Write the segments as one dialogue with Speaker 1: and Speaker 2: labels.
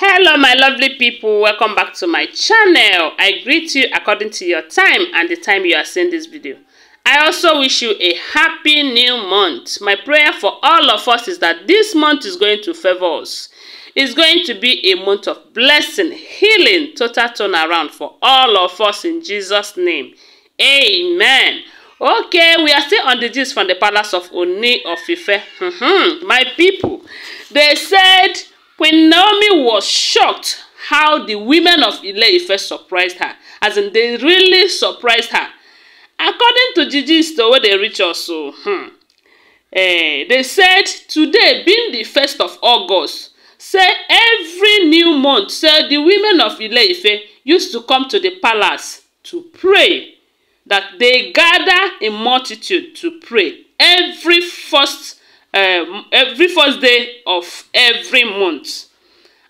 Speaker 1: hello my lovely people welcome back to my channel i greet you according to your time and the time you are seeing this video i also wish you a happy new month my prayer for all of us is that this month is going to favor us it's going to be a month of blessing healing total turnaround for all of us in jesus name amen Okay, we are still on the gist from the palace of Oni of Ife. Mm-hmm. My people, they said Queen Naomi was shocked how the women of Ile-Ife surprised her. As in, they really surprised her. According to Gigi's story, they reach us. So, oh, hmm. eh, they said today, being the 1st of August, say every new month, say the women of Ile-Ife used to come to the palace to pray. That they gather in multitude to pray every first um, every first day of every month.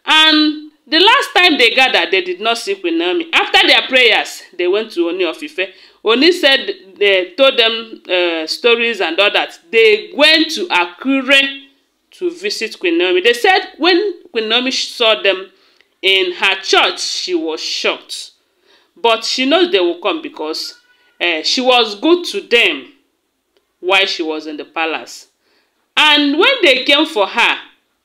Speaker 1: And the last time they gathered, they did not sleep with Naomi. After their prayers, they went to Oni of Ife. Oni said they told them uh, stories and all that. They went to Akure to visit Queen Naomi. They said when Queen Naomi saw them in her church, she was shocked. But she knows they will come because uh, she was good to them while she was in the palace. And when they came for her,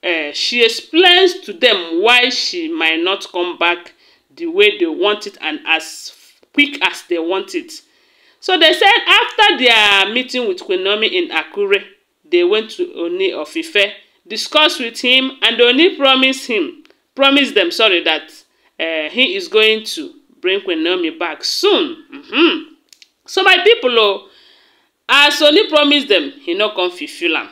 Speaker 1: uh, she explains to them why she might not come back the way they want it and as quick as they want it. So they said after their meeting with Queen Naomi in Akure, they went to Oni of Ife, discussed with him, and Oni promised him, promised them, sorry, that uh, he is going to bring Queen Naomi back soon. Mm-hmm. So my people, oh, as Oni promised them, he not come fulfill am.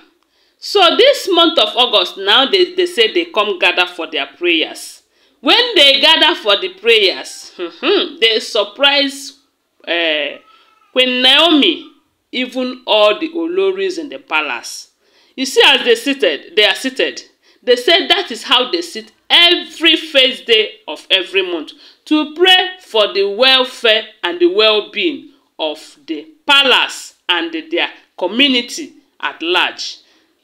Speaker 1: So this month of August now they, they say they come gather for their prayers. When they gather for the prayers, they surprise uh, Queen Naomi, even all the Oloris in the palace. You see as they seated, they are seated. They said that is how they sit every first day of every month to pray for the welfare and the well-being of the palace and the, their community at large.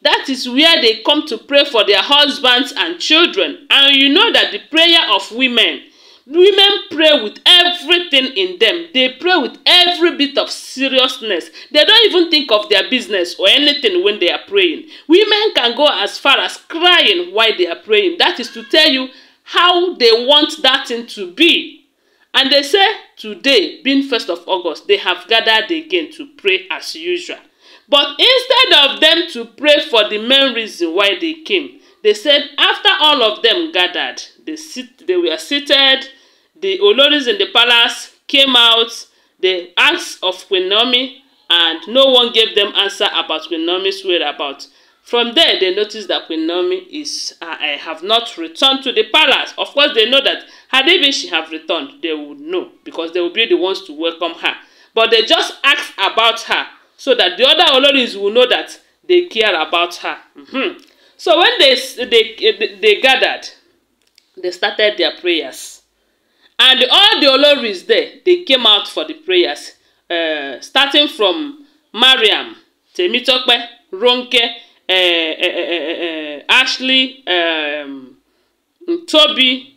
Speaker 1: That is where they come to pray for their husbands and children. And you know that the prayer of women, women pray with everything in them. They pray with every bit of seriousness. They don't even think of their business or anything when they are praying. Women can go as far as crying while they are praying. That is to tell you how they want that thing to be. And they say today, being 1st of August, they have gathered again to pray as usual. But instead of them to pray for the main reason why they came, they said, after all of them gathered, they, sit, they were seated, the Oloris in the palace came out, they asked of Queen Naomi, and no one gave them answer about Queen Naomi's whereabouts. From there, they noticed that Queen Naomi is, uh, I have not returned to the palace. Of course, they know that had even she have returned, they would know because they would be the ones to welcome her. But they just asked about her so that the other Oloris will know that they care about her. Mm-hmm. So when they, they, they gathered, they started their prayers. And all the Oloris there, they came out for the prayers, uh, starting from Mariam, Temitope, Ronke, uh, uh, uh, uh, Ashley, um, Toby,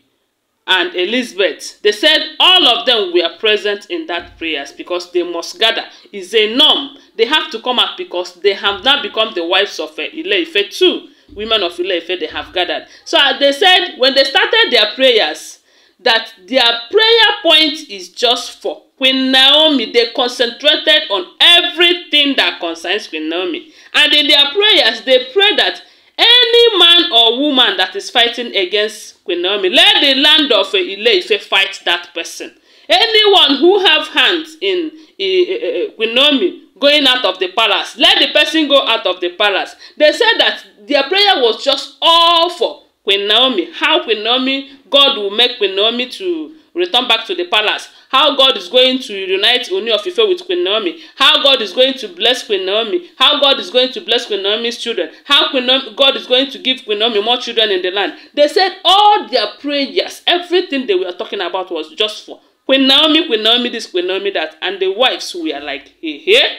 Speaker 1: and Elizabeth. They said all of them were present in that prayers because they must gather. Is a norm. They have to come out because they have now become the wives of uh, eh, ile too. Women of ile they have gathered. So uh, they said when they started their prayers, that their prayer point is just for Queen Naomi. They concentrated on everything that concerns Queen Naomi. And in their prayers, they pray that Any man or woman that is fighting against Queen Naomi, let the land of Ile-Ife fight that person. Anyone who have hands in uh, uh, Queen Naomi going out of the palace, let the person go out of the palace. They said that their prayer was just all for Queen Naomi. How Queen Naomi, God will make Queen Naomi to return back to the palace. How God is going to unite Oni of Ife with Queen Naomi. How God is going to bless Queen Naomi. How God is going to bless Queen Naomi's children. How Queen Naomi, God is going to give Queen Naomi more children in the land. They said all their prayers, everything they were talking about was just for Queen Naomi, Queen Naomi this, Queen Naomi that. And the wives were like, hey, hey.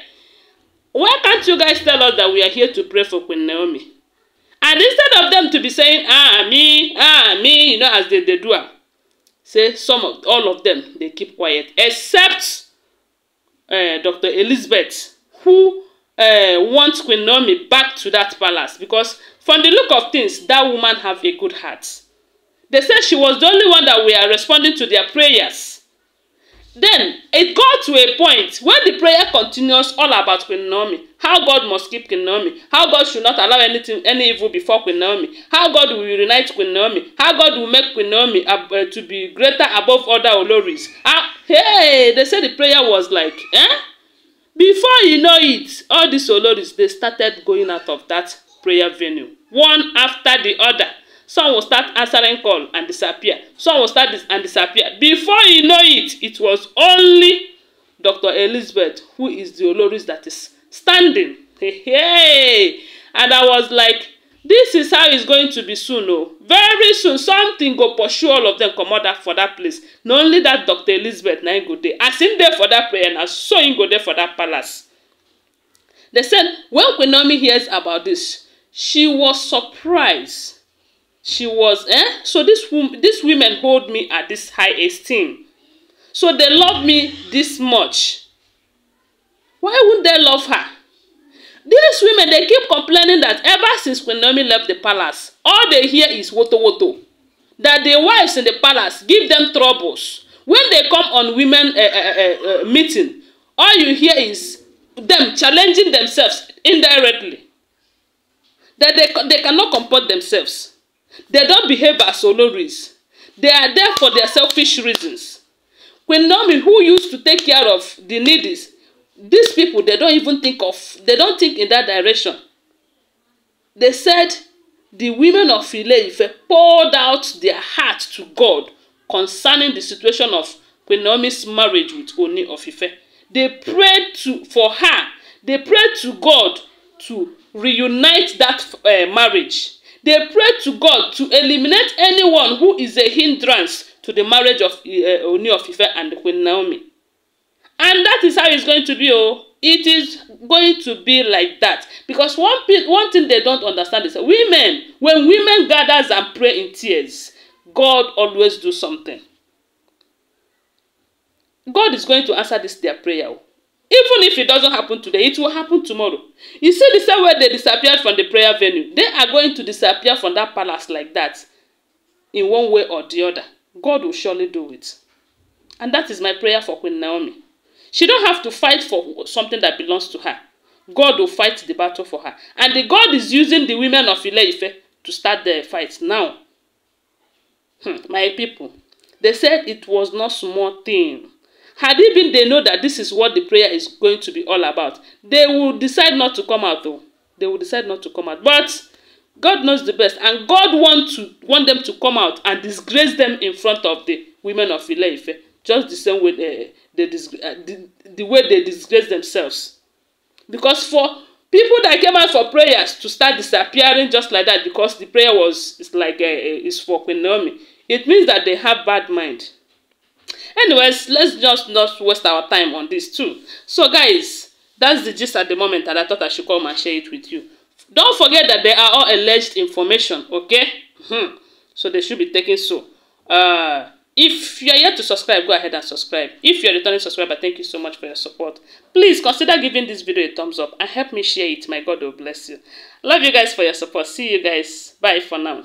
Speaker 1: Why can't you guys tell us that we are here to pray for Queen Naomi? And instead of them to be saying, ah, me, ah, me, you know, as they, they do, say some of all of them they keep quiet except uh, eh, Dr. Elizabeth who uh, wants Queen Naomi back to that palace because from the look of things that woman have a good heart. They said she was the only one that we are responding to their prayers Then it got to a point when the prayer continues all about Queen Naomi, how God must keep Queen Naomi, how God should not allow anything, any evil before Queen Naomi, how God will unite Queen Naomi, how God will make Queen Naomi ab- uh, to be greater above other Oloris. Uh, hey, they said the prayer was like, eh? Before you know it, all these Oloris, they started going out of that prayer venue, one after the other. Some will start answering call and disappear. Some will start dis and disappear. Before you know it, it was only Dr. Elizabeth who is the Oloris that is standing. Hey, And I was like, this is how it's going to be soon oh very soon something go pursue all of them come that for that place Not only that dr elizabeth now him go there. as him there for that prayer na so him go there for that palace they said when queen naomi hears about this she was surprised she was eh so this wom this women hold me at this high esteem so they love me this much why wouldn't they love her these women they keep complaining that ever since when Naomi left the palace all they hear is woto woto that the wives in the palace give them troubles when they come on women uh, uh, uh, meeting all you hear is them challenging themselves indirectly that they, they cannot comport themselves They don't behave as honorees. They are there for their selfish reasons. When Naomi, who used to take care of the needy, these people, they don't even think of, they don't think in that direction. They said the women of ile poured out their heart to God concerning the situation of Queen Naomi's marriage with Oni of Ife. They prayed to, for her. They prayed to God to reunite that uh, marriage. They pray to God to eliminate anyone who is a hindrance to the marriage of uh, eh, eh, Oni of Ife and Queen Naomi. And that is how it's going to be, oh. It is going to be like that. Because one, one thing they don't understand is women, when women gathers and pray in tears, God always do something. God is going to answer this their prayer. Oh. Even if it doesn't happen today, it will happen tomorrow. You see the same way they disappeared from the prayer venue. They are going to disappear from that palace like that in one way or the other. God will surely do it. And that is my prayer for Queen Naomi. She don't have to fight for something that belongs to her. God will fight the battle for her. And the God is using the women of Ile-Ife to start the fight now. Hmm, my people, they said it was not small thing Had even they know that this is what the prayer is going to be all about, they will decide not to come out though. They will decide not to come out. But God knows the best, and God wants to want them to come out and disgrace them in front of the women of ile just the same way eh, they, they dis, uh, eh, the, the way they disgrace themselves. Because for people that came out for prayers to start disappearing just like that, because the prayer was it's like uh, is for Queen Naomi, it means that they have bad mind anyways let's just not waste our time on this too so guys that's the gist at the moment and i thought i should come and share it with you don't forget that they are all alleged information okay hmm. so they should be taken so uh if you're yet to subscribe go ahead and subscribe if you're a returning subscriber thank you so much for your support please consider giving this video a thumbs up and help me share it my god will bless you love you guys for your support see you guys bye for now